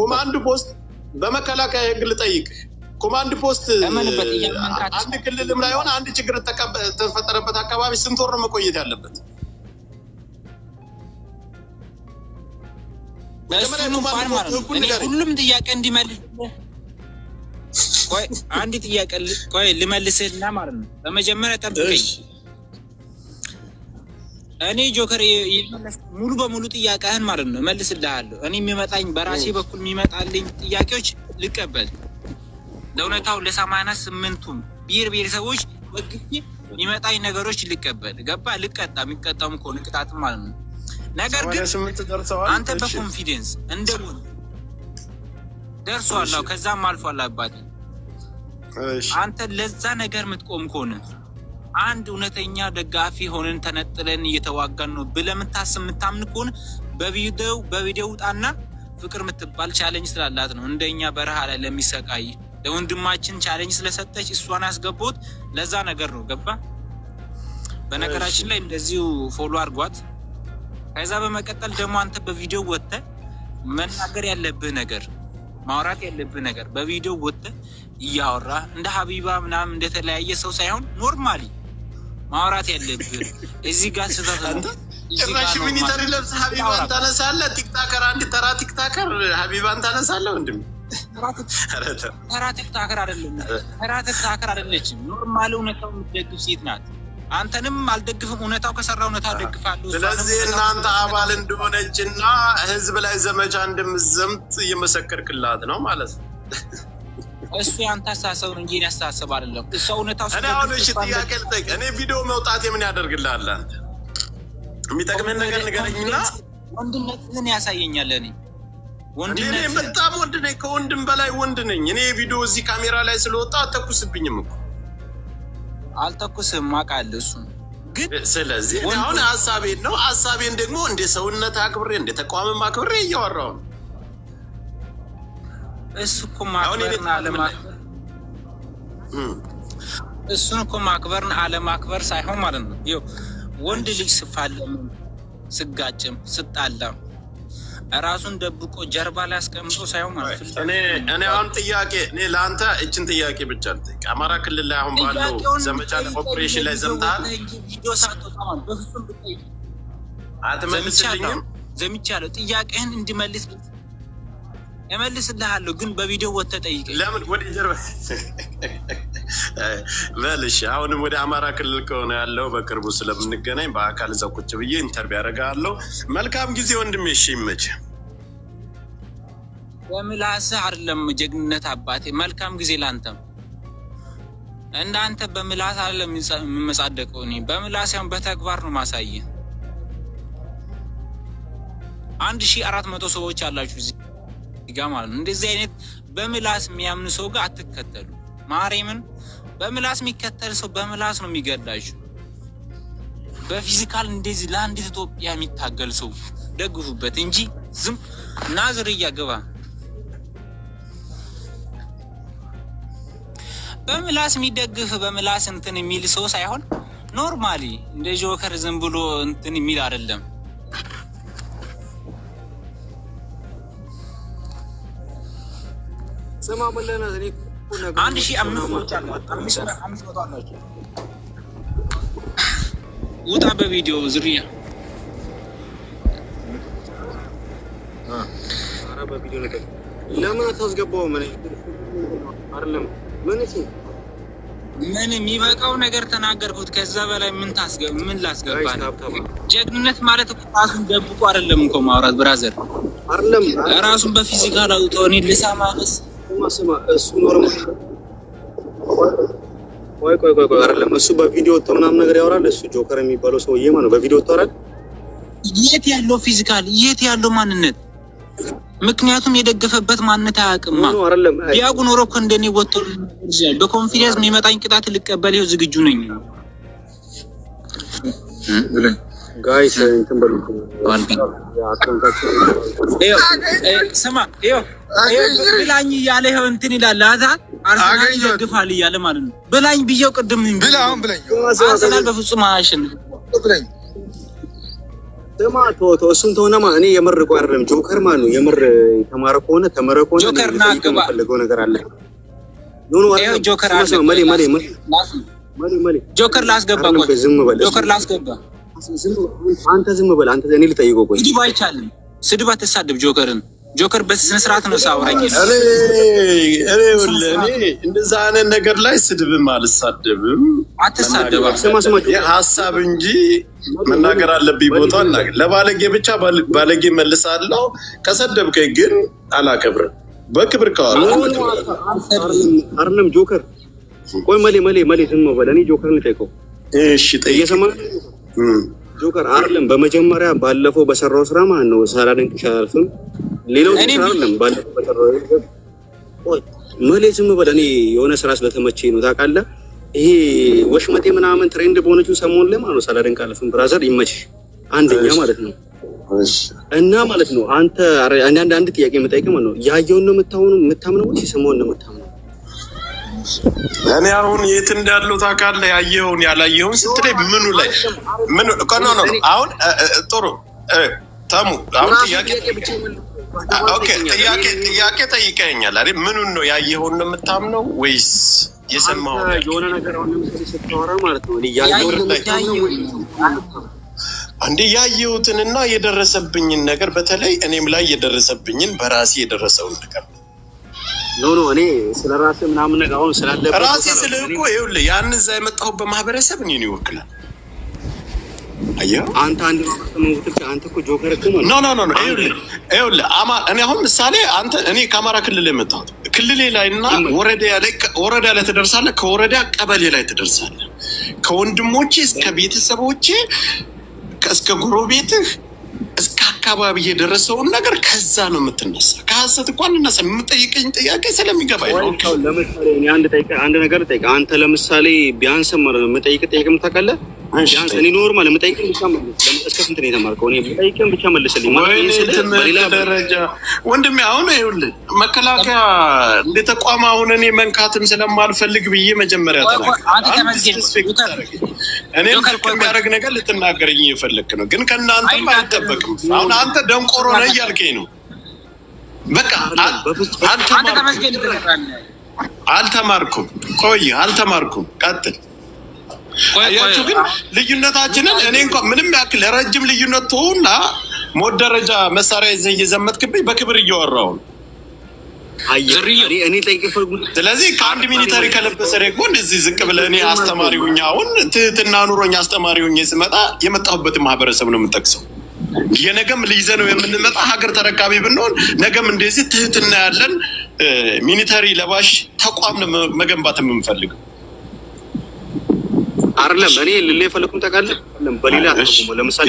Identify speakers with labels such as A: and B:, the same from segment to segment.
A: ኮማንድ ፖስት በመከላከያ ህግ ልጠይቅ። ኮማንድ ፖስት አንድ ክልልም ላይሆን አንድ ችግር ተፈጠረበት አካባቢ ስንት ወር ነው መቆየት ያለበት?
B: ሁሉም ጥያቄ እንዲመልስ አንድ ጥያቄ ልመልስህና ማለት ነው በመጀመሪያ ጠብቀኝ እኔ ጆከር ሙሉ በሙሉ ጥያቄህን ማለት ነው እመልስልሃለሁ። እኔ የሚመጣኝ በራሴ በኩል የሚመጣልኝ ጥያቄዎች ልቀበል ለእውነታው ለሰማንያ ስምንቱም ብሔር ብሔረሰቦች በግፊ የሚመጣኝ ነገሮች ልቀበል ገባ ልቀጣ የሚቀጣም ከሆነ ቅጣትም ማለት ነው። ነገር ግን አንተ በኮንፊደንስ ደርሶ ደርሷል ከዛም አልፎ አላባት አንተ ለዛ ነገር የምትቆም ከሆነ አንድ እውነተኛ ደጋፊ ሆነን ተነጥለን እየተዋጋን ነው ብለህ የምታስብ የምታምን ከሆነ ውጣና ፍቅር የምትባል ቻለንጅ ስላላት ነው እንደኛ በረሃ ላይ ለሚሰቃይ ለወንድማችን ቻለንጅ ስለሰጠች እሷን ያስገቦት ለዛ ነገር ነው ገባ። በነገራችን ላይ እንደዚሁ ፎሎ አድርጓት። ከዛ በመቀጠል ደግሞ አንተ በቪዲዮ ወጥተ መናገር ያለብህ ነገር ማውራት ያለብህ ነገር በቪዲዮ ወጥተ እያወራ እንደ ሀቢባ ምናምን እንደተለያየ ሰው ሳይሆን ኖርማሊ ማውራት ያለብን እዚህ ጋር ስህተት ነው።
A: ጭራሽ ሚኒተር ለብስ ሀቢባን ታነሳለህ። ቲክታከር አንድ ተራ ቲክታከር ሀቢባን ታነሳለህ። ወንድም
B: ተራ ቲክታከር አደለም፣ ተራ ቲክታከር አደለችም። ኖርማል እውነታው የምትደግፍ ሴት ናት። አንተንም አልደግፍም። እውነታው ከሰራ እውነታ ደግፋለሁ።
A: ስለዚህ እናንተ አባል እንደሆነች እንደሆነችና ህዝብ ላይ ዘመቻ እንደምትዘምት እየመሰከርክላት ነው ማለት ነው።
B: እሱ ያንተ አስተሳሰብ ነው እንጂ ያስተሳሰብ አይደለም። ሰውነታ
A: እኔ ቪዲዮ መውጣት የምን ያደርግልሃል? የሚጠቅመን ነገር ንገረኝና
B: ወንድነት ምን ያሳየኛል? እኔ
A: ወንድነት በጣም ወንድ ነኝ፣ ከወንድም በላይ ወንድ ነኝ። እኔ ቪዲዮ እዚህ ካሜራ ላይ ስለወጣ አተኩስብኝም እኮ
B: አልተኩስም፣ አውቃለሁ እሱን
A: ግን ስለዚህ አሁን ሀሳቤን ነው ሀሳቤን ደግሞ እንደ ሰውነት አክብሬ እንደ ተቋምም አክብሬ እያወራሁ ነው
B: እሱ እኮ ማክበርን አለማክበር እሱን እኮ ማክበርን አለማክበር ሳይሆን ማለት ነው። ይኸው ወንድ ልጅ ስፋለም፣ ስጋጭም፣ ስጣላም እራሱን ደብቆ ጀርባ ላይ አስቀምጦ ሳይሆን ማለት
A: ነው። እኔ አሁን ጥያቄ እኔ ለአንተ እችን ጥያቄ ብቻ ልጠይቅ። አማራ ክልል ላይ አሁን ባለው ዘመቻ ኦፕሬሽን ላይ ዘምተሃል?
B: አትመልስልኝም? ዘምቻለሁ። ጥያቄህን እንዲመልስ እመልስልሃለሁ ግን በቪዲዮ ወጥተህ ጠይቀኝ።
A: ለምን ወደ ጀርባ መልሽ። አሁንም ወደ አማራ ክልል ከሆነ ያለው በቅርቡ ስለምንገናኝ በአካል እዛ ቁጭ ብዬ ኢንተርቪው ያደርጋለሁ። መልካም ጊዜ ወንድሜ። እሺ ይመችህ።
B: በምላስህ አይደለም ጀግንነት አባቴ። መልካም ጊዜ ላንተም። እንዳንተ በምላስ አይደለም የምመጻደቀው እኔ በምላስ ያሁን በተግባር ነው ማሳየ። አንድ ሺህ አራት መቶ ሰዎች አላችሁ እዚህ ጋር ማለት ነው። እንደዚህ አይነት በምላስ የሚያምን ሰው ጋር አትከተሉ። ማርያምን በምላስ የሚከተል ሰው በምላስ ነው የሚገዳችሁ። በፊዚካል እንደዚህ ለአንዲት ኢትዮጵያ የሚታገል ሰው ደግፉበት እንጂ ዝም ናዝር እያገባ በምላስ የሚደግፍ በምላስ እንትን የሚል ሰው ሳይሆን ኖርማሊ እንደ ጆከር ዝም ብሎ እንትን የሚል አይደለም።
A: ስማ መለናት እኔ
B: አንድ ሺህ አምስት መቶ ውጣ በቪዲዮ ዝርያ
A: ለምን አታስገባውም?
B: ምን የሚበቃው ነገር ተናገርኩት። ከዛ በላይ ምን ታስገብ ምን ላስገባ? ጀግንነት ማለት እኮ ራሱን ደብቆ አይደለም እኮ ማውራት ብራዘር፣ አይደለም ራሱን በፊዚካል አውጥቶ እኔ ልሳማ
A: ስማ ስማ፣ እሱ ኖርማል ቆይ ቆይ ቆይ አይደለም። እሱ በቪዲዮ ወጥቶ ምናምን ነገር ያወራል። እሱ ጆከር የሚባለው ሰውዬ ማለት ነው። በቪዲዮ ወጥቶ አይደል?
B: የት ያለው ፊዚካል፣ የት ያለው ማንነት? ምክንያቱም የደገፈበት ማንነት አያውቅማ። ቢያውቁ ኖሮ እኮ እንደኔ ወጥቶ በኮንፊደንስ የሚመጣኝ ቅጣት ልቀበል ይኸው ዝግጁ ነኝ።
A: ጋይስ እንትን በሉ
B: ስማ፣ ብላኝ እያለ ይኸው እንትን ይላል አርሰናል ይደግፋል እያለ ማለት ነው። ብላኝ ብዬው ቅድም አርሰናል በፍጹም አያሸንፍም።
A: እሱን ተሆነማ እኔ የምር እኮ አይደለም ጆከር ማለት ነው። የምር የተማረ ከሆነ ተመረ ከሆነ
B: ጆከር ና ግባ የምፈልገው ነገር አለ። ጆከር ላስገባ ጆከር ላስገባ
A: አንተ ዝም በል አንተ። እኔ ልጠይቀው።
B: ቆይ ስድብ አይቻልም። ስድብ አትሳድብ። ጆከርን ጆከር በስነ ስርዓት ነው ሳውራኝ።
A: እኔ እኔ እንደዛ አይነት ነገር ላይ ስድብም አልሳደብም። አትሳደብ። ሀሳብ እንጂ መናገር አለብኝ ቦታ እናገር። ለባለጌ ብቻ ባለጌ መልሳለሁ። ከሰደብከኝ ግን አላከብርም። በክብር ከዋል
B: አርንም ጆከር ቆይ መሌ መሌ መሌ ዝም በል። እኔ ጆከርን ልጠይቀው።
A: እሺ ጠይቅ። እየሰማህ
B: ጆከር አይደለም። በመጀመሪያ ባለፈው በሰራው ስራ ማለት ነው ሳላደንቅሽ አላልፍም። ሌላው ስራ አይደለም ባለፈው በሰራው መሌ ዝም በል። እኔ የሆነ ስራ ስለተመቼ ነው ታውቃለህ። ይሄ ወሽመጤ ምናምን ትሬንድ በሆነችው ሰሞን ላይ ማለት ነው ሳላደንቅ አላልፍም። ብራዘር ይመችሽ፣ አንደኛ ማለት ነው እና ማለት ነው አንተ አንዳንድ አንድ ጥያቄ የምጠይቅ ማለት ነው ያየውን ነው የምታምነው ወይስ የሰማውን ነው የምታምነው?
A: እኔ አሁን የት እንዳለው ታውቃለህ? ያየውን ያላየውን ስትለኝ ምኑ ላይ ምኑ ከኖ ነው። አሁን ጥሩ ተሙ፣ አሁን ጥያቄ ጥያቄ ጥያቄ ጠይቀኛል አይደል? ምኑን ነው ያየውን ነው የምታምነው ወይስ የሰማኸውን? የሆነ ነገር አሁን ለምሳሌ ስታወራ ማለት ነው እንዴ ያየሁትንና የደረሰብኝን ነገር በተለይ እኔም ላይ የደረሰብኝን በራሴ የደረሰውን ነገር ነው
B: ኖ ኖ እኔ ስለ ራሴ ምናምን ነገር አሁን
A: ስላለበት ራሴ ስለ እኮ ይኸውልህ ያን እዛ የመጣሁበት ማህበረሰብ እኔን ይወክላል። አየኸው
B: አንተ አንድ አንተ እኮ ጆከር እኮ
A: ነው። ኖ ኖ ኖ ይኸውልህ እኔ አሁን ምሳሌ አንተ እኔ ከአማራ ክልል የመጣሁት ክልሌ ላይ እና ወረዳ ላይ ወረዳ ላይ ትደርሳለህ፣ ከወረዳ ቀበሌ ላይ ትደርሳለህ፣ ከወንድሞቼ እስከ ቤተሰቦቼ እስከ ጎረቤትህ እስከ አካባቢ የደረሰውን ነገር ከዛ ነው የምትነሳ። ከሀሰት እኮ አንነሳ። የምጠይቀኝ ጥያቄ ስለሚገባ ለምሳሌ
B: አንድ ነገር ጠይቀ። አንተ ለምሳሌ ቢያንስ የምጠይቅ ጥያቄ ምታውቃለህ ቢያንስ እኔ ኖርማል ብቻ መልስልኝ። እስከ ስንት ነው የተማርከው? እኔ ብቻ መልስልኝ።
A: ደረጃ ወንድሜ፣ አሁን ይኸውልህ መከላከያ እንደ ተቋም አሁን እኔ መንካትም ስለማልፈልግ ብዬ መጀመሪያ እኔ ነገር ልትናገረኝ ነው፣ ግን ከእናንተም አሁን አንተ ደንቆሮ ነህ እያልከኝ ነው። በቃ አልተማርኩም፣ አልተማርኩም። ቆይ አልተማርኩም፣ ቀጥል አያችሁ ግን ልዩነታችንን እኔ እንኳ ምንም ያክል ረጅም ልዩነት ትሆና ሞት ደረጃ መሳሪያ ይዘህ እየዘመትክብኝ በክብር እያወራሁ ነው። ስለዚህ ከአንድ ሚኒተሪ ከለበሰ ደግሞ እንደዚህ ዝቅ ብለህ እኔ አስተማሪ ሁኝ አሁን ትህትና ኑሮኝ አስተማሪ ሁኝ ስመጣ የመጣሁበትን ማህበረሰብ ነው የምጠቅሰው። የነገም ልይዘ ነው የምንመጣ ሀገር ተረካቢ ብንሆን ነገም እንደዚህ ትህትና ያለን ሚኒተሪ ለባሽ ተቋም ነው መገንባት የምንፈልገው።
B: አይደለም እኔ ልላ የፈለኩም ታውቃለህ፣ በሌላ ለምሳሌ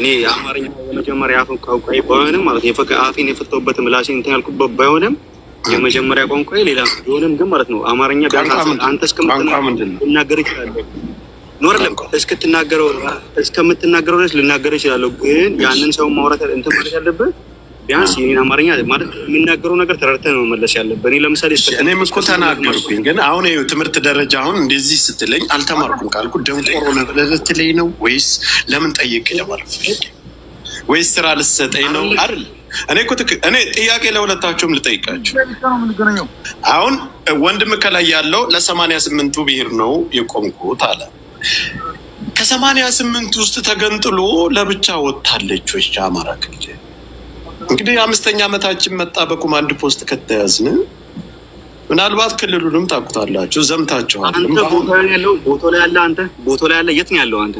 B: እኔ የአማርኛ የመጀመሪያ ቋንቋ ባይሆንም ማለት አፌን የፈታሁበት ምላሴ እንትን ያልኩበት ባይሆንም የመጀመሪያ ቋንቋ ሌላ ቢሆንም ግን ማለት ነው አማርኛ አንተ
A: እስከምትናገር
B: ይችላለሁ ኖር ለም እስክትናገረው እስከምትናገረው ድረስ ልናገር ይችላለሁ። ግን ያንን ሰው ማውራት እንትን ማለት ያለበት ቢያንስ የኔን አማርኛ ማለት የሚናገረው ነገር ተረድተህ ነው መመለስ ያለብህ። እኔ ለምሳሌ
A: እኔም እኮ ተናገርኩኝ፣ ግን አሁን ትምህርት ደረጃ አሁን እንደዚህ ስትለኝ አልተማርኩም ካልኩ ደንቆሮ ነው ልትለኝ ነው ወይስ ለምን ጠየቅ ለማለት ወይስ ስራ ልትሰጠኝ ነው አይደል? እኔ እኮ እኔ ጥያቄ ለሁለታችሁም ልጠይቃችሁ። አሁን ወንድም ከላይ ያለው ለሰማንያ ስምንቱ ብሄር ነው የቆምኩት አለ። ከሰማንያ ስምንት ውስጥ ተገንጥሎ ለብቻ ወጥታለች ወይ አማራ ክልል እንግዲህ አምስተኛ ዓመታችን መጣ። በኮማንድ ፖስት ከተያዝን ምናልባት ክልሉንም ታውቁታላችሁ፣ ዘምታችኋል።
B: ቦታው ላይ ያለ አንተ ቦታው ላይ ያለ የት ነው ያለው አንተ?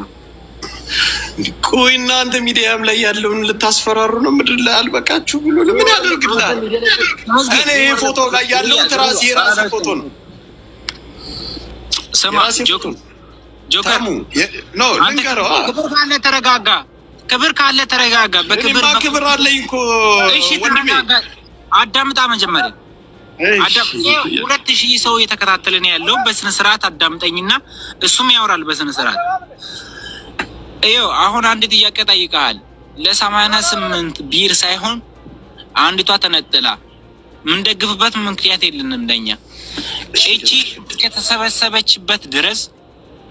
A: ቆይ እናንተ ሚዲያም ላይ ያለውን ልታስፈራሩ ነው? ምድር ላይ አልበቃችሁ ብሎ ምን ያደርግላል? እኔ ፎቶ ላይ ያለው ራሴ የራስ ፎቶ ነው።
B: ስማ ጆከር ጆከር ነው ልንገረው። ተረጋጋ ክብር ካለ ተረጋጋ።
A: በክብር ክብር አለኝ እኮ እሺ፣ ተረጋጋ።
B: አዳምጣ መጀመሪያ ሁለት ሺህ ሰው እየተከታተለ ነው ያለው። በስነ ስርዓት አዳምጠኝና እሱም ያወራል በስነ ስርዓት። ይኸው አሁን አንድ ጥያቄ ጠይቀሃል። ለሰማንያ ስምንት ቢር ሳይሆን አንዲቷ ተነጥላ የምንደግፍበት ምክንያት የለንም። ለኛ እቺ ከተሰበሰበችበት ድረስ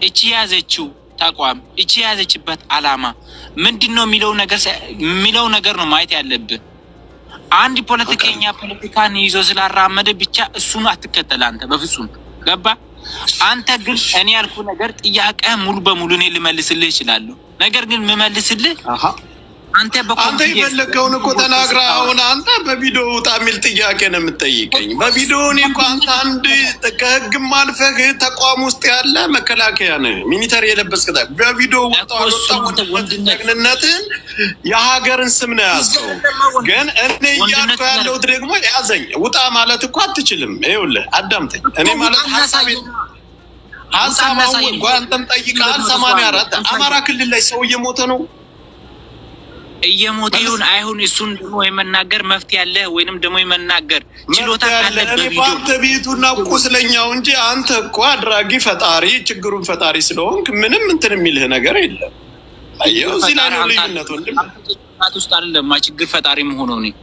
B: እቺ የያዘችው ተቋም እቺ የያዘችበት አላማ ምንድን ነው የሚለው ነገር የሚለው ነገር ነው ማየት ያለብህ። አንድ ፖለቲከኛ ፖለቲካን ይዞ ስላራመደ ብቻ እሱን አትከተል አንተ በፍጹም ገባ። አንተ ግን እኔ ያልኩ ነገር ጥያቄ ሙሉ በሙሉ እኔ ልመልስልህ እችላለሁ። ነገር ግን የምመልስልህ አንተ
A: አንተ የፈለከውን እኮ ተናግራ አሁን አንተ በቪዲዮ ውጣ የሚል ጥያቄ ነው የምጠይቀኝ። በቪዲዮ እኔ እኮ አንተ አንድ ከህግም አልፈህ ተቋም ውስጥ ያለ መከላከያ ነህ፣ ሚኒተር የለበስክ በቪዲዮ ውጣ ወጣወንድነትን የሀገርን ስም ነው ያዘው። ግን እኔ እያልኩ ያለሁት ደግሞ ያዘኝ ውጣ ማለት እኮ አትችልም። ይኸውልህ አዳምጠኝ። እኔ ማለት ሀሳቤ ሀሳብ አሁን አንተም ጠይቀሃል። ሰማንያ አራት አማራ ክልል ላይ ሰው እየሞተ ነው
B: እየሞተ ይሁን አይሁን እሱን ደግሞ የመናገር መፍት ያለ ወይንም ደግሞ የመናገር ችሎታ
A: ካለ በአንተ ቤቱና ቁስለኛው እንጂ አንተ እኮ አድራጊ ፈጣሪ ችግሩን ፈጣሪ ስለሆንክ ምንም እንትን የሚልህ ነገር የለም። አየው እዚህ ላይ ነው ልዩነት ወንድም
B: ውስጥ አይደለም ችግር ፈጣሪ መሆኑ ነው።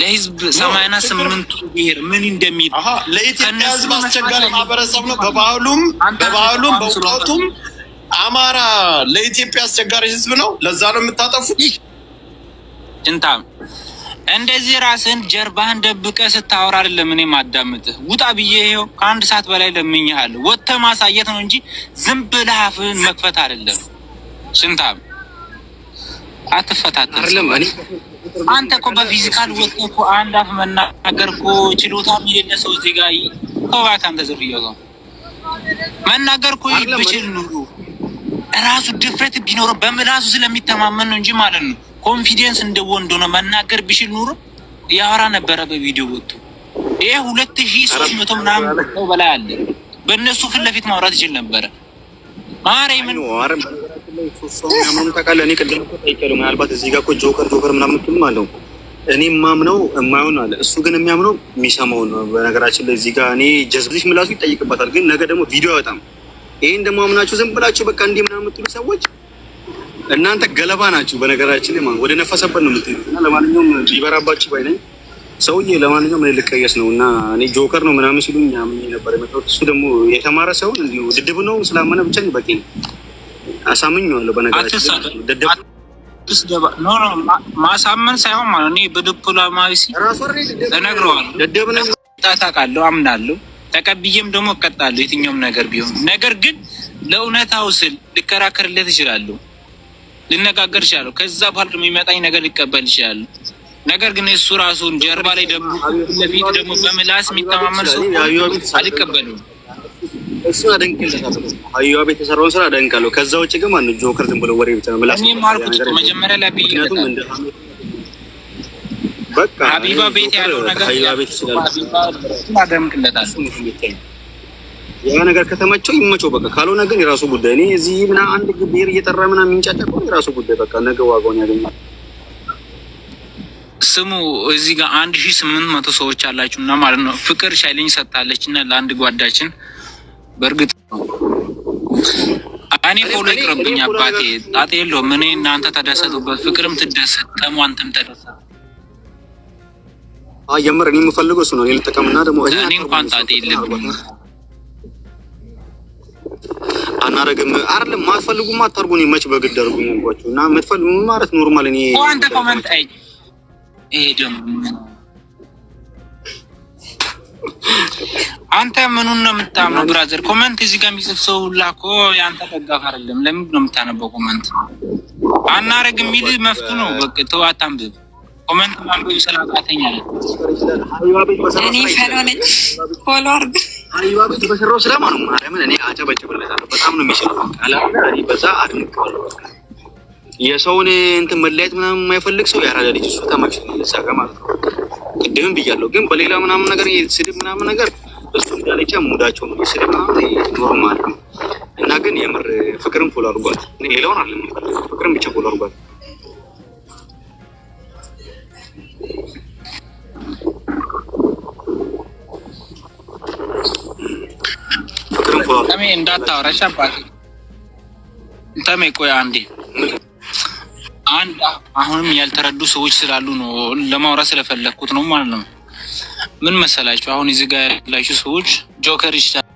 B: ለህዝብ ሰማንያ ስምንቱ ብሄር ምን እንደሚል
A: ለኢትዮጵያ ህዝብ አስቸጋሪ ማህበረሰብ ነው። በባህሉም በባህሉም በውቀቱም አማራ ለኢትዮጵያ አስቸጋሪ ህዝብ ነው። ለዛ ነው የምታጠፉት።
B: ጭንታም እንደዚህ ራስህን ጀርባህን ደብቀ ስታወራ አይደለም እኔ ማዳምጥህ። ውጣ ብዬ ይኸው ከአንድ ሰዓት በላይ ለምኜሃለሁ። ወጥተህ ማሳየት ነው እንጂ ዝም ብለህ አፍህን መክፈት አይደለም። ጭንታም አትፈታተንም። አንተ እኮ በፊዚካል ወጥተህ እኮ አንድ አፍ መናገር እኮ ችሎታ የሌለ ሰው እዚህ ጋር ተውባት። አንተ ዝርዮ ነው መናገር እኮ ብችል ኑሮ ራሱ ድፍረት ቢኖረው በምላሱ ስለሚተማመን ነው እንጂ ማለት ነው ኮንፊደንስ እንደ ወንድ ሆነ መናገር ቢችል ኑሮ ያወራ ነበረ። በቪዲዮ ወጥቶ ይሄ ሁለት ሺ ሶስት መቶ ምናምን ነው በላይ አለ። በእነሱ ፊት ለፊት ማውራት ይችል ነበረ። ማርያምን
A: ታውቃለህ፣ እኔ ቅድም አይቀርም ምናልባት እዚህ ጋር እኮ ጆከር ጆከር ምናምን ትሉም አለው እኔ የማምነው የማይሆን አለ እሱ ግን የሚያምነው የሚሰማውን ነው። በነገራችን ላይ እዚህ ጋር እኔ ጀዝብሽ ምላሱ ይጠይቅበታል። ግን ነገ ደግሞ ቪዲዮ አይወጣም። ይህን ደግሞ አምናችሁ ዝም ብላችሁ በቃ እንዲህ ምናምን የምትሉ ሰዎች እናንተ ገለባ ናችሁ። በነገራችን ላይ ወደ ነፈሰበት ነው የምትሄዱት። እና ለማንኛውም ይበራባችሁ ባይ ነኝ ሰውዬ። ለማንኛውም እኔ ልቀየስ ነው እና እኔ ጆከር ነው ምናምን ሲሉ አምኜ ነበር የመጣሁት። እሱ ደግሞ የተማረ ሰውን እንዲሁ ድድብ ነው ስላመነ ብቻ በቂ ነው። አሳምኜዋለሁ። በነገራችን
B: ማሳመን ሳይሆን ማለት እኔ በዲፕሎማዊ እነግረዋለሁ። ድድብ ነው ታውቃለሁ፣ አምናለሁ ተቀብዬም ደግሞ እቀጣለሁ የትኛውም ነገር ቢሆን። ነገር ግን ለእውነታው ስል ልከራከርለት እችላለሁ። ልነጋገር ይችላሉ። ከዛ በኋላ ደግሞ የሚመጣኝ ነገር ሊቀበል ይችላሉ። ነገር ግን እሱ ራሱን ጀርባ ላይ ደግሞ ለፊት ደግሞ በምላስ የሚተማመን ሰው አልቀበልም።
A: እሱን አደንቅለታለሁ። አዩዋ ቤት የሰራውን ስራ አደንቃለሁ። ከዛ ውጭ ግን ማነው ጆከር ዝም ብሎ ወሬ ብቻ ነው። ምላስ እኔም አልኩት መጀመሪያ ላይ በቃ
B: ሀቢባ ቤት ያለው ነገር ቤት አደንቅለታለሁ።
A: ያ ነገር ከተመቸው ይመቸው በቃ። ካልሆነ ግን የራሱ ጉዳይ። እኔ እዚህ ምና አንድ ብሔር እየጠራ ምና የሚንጫጫ ከሆነ የራሱ ጉዳይ በቃ። ነገ ዋጋውን ያገኛል።
B: ስሙ እዚህ ጋር አንድ ሺህ ስምንት መቶ ሰዎች አላችሁ እና ማለት ነው ፍቅር ሻይልኝ ሰጥታለች እና ለአንድ ጓዳችን በእርግጥ እኔ ፎሎ ይቅርብኝ አባቴ ጣጤ የለውም። እኔ እናንተ ተደሰቱበት፣ ፍቅርም ትደሰት፣ ተሟንትም ተደሰት።
A: የምር እኔ የምፈልገው እሱ ነው። ሌል ጠቀምና ደግሞ እኔ እንኳን ጣጤ የለብኝ አናረግም አይደለም ማትፈልጉም አታርጉ። እኔ መች በግድ አድርጉኝ አልኳችሁ እና የምትፈልጉ ማለት ኖርማል። እኔ
B: አንተ ኮመንት አይ ይሄ ደም አንተ ምኑን ነው የምታምነው ብራዘር? ኮመንት እዚህ ጋር የሚጽፍ ሰው ሁላ እኮ የአንተ ደጋፍ አይደለም። ለምንድን ነው የምታነበው ኮመንት? አናረግ የሚል መፍቱ ነው። በቃ ተው አታንብብ። ኮመንት ማንበብ ስላቃተኛል። እኔ ፈሎነች ፎሎ አርግ
A: ሀሪባ ቤት በሰራው ስራ ነው ማርያምን እኔ አጨበጭብለታለሁ። በጣም ነው የሚችለው። እኔ በዛ አድንቀዋለሁ። የሰውን እንትን መለያየት ምናምን የማይፈልግ ሰው ያራዳ ልጅ እሱ ተመችቶኛል። እዛ ጋር ማለት ነው። ቅድምም ብያለሁ። ግን በሌላ ምናምን ነገር ስድብ ምናምን ነገር እሱ እንዳለቻ ሙዳቸው ነው ስድብ ምናምን ኖርማል ነው እና ግን የምር ፍቅርም ፎሎ አድርጓት ሌላውን አለ ፍቅርም ብቻ ፎሎ አድርጓት ተሜ አባቴ ተሜ ቆይ አንዴ አንድ አሁንም ያልተረዱ ሰዎች ስላሉ ነው ለማውራት ስለፈለግኩት ነው ማለት ነው ምን መሰላችሁ አሁን እዚህ ጋር ያላችሁ ሰዎች ጆከር ይችላል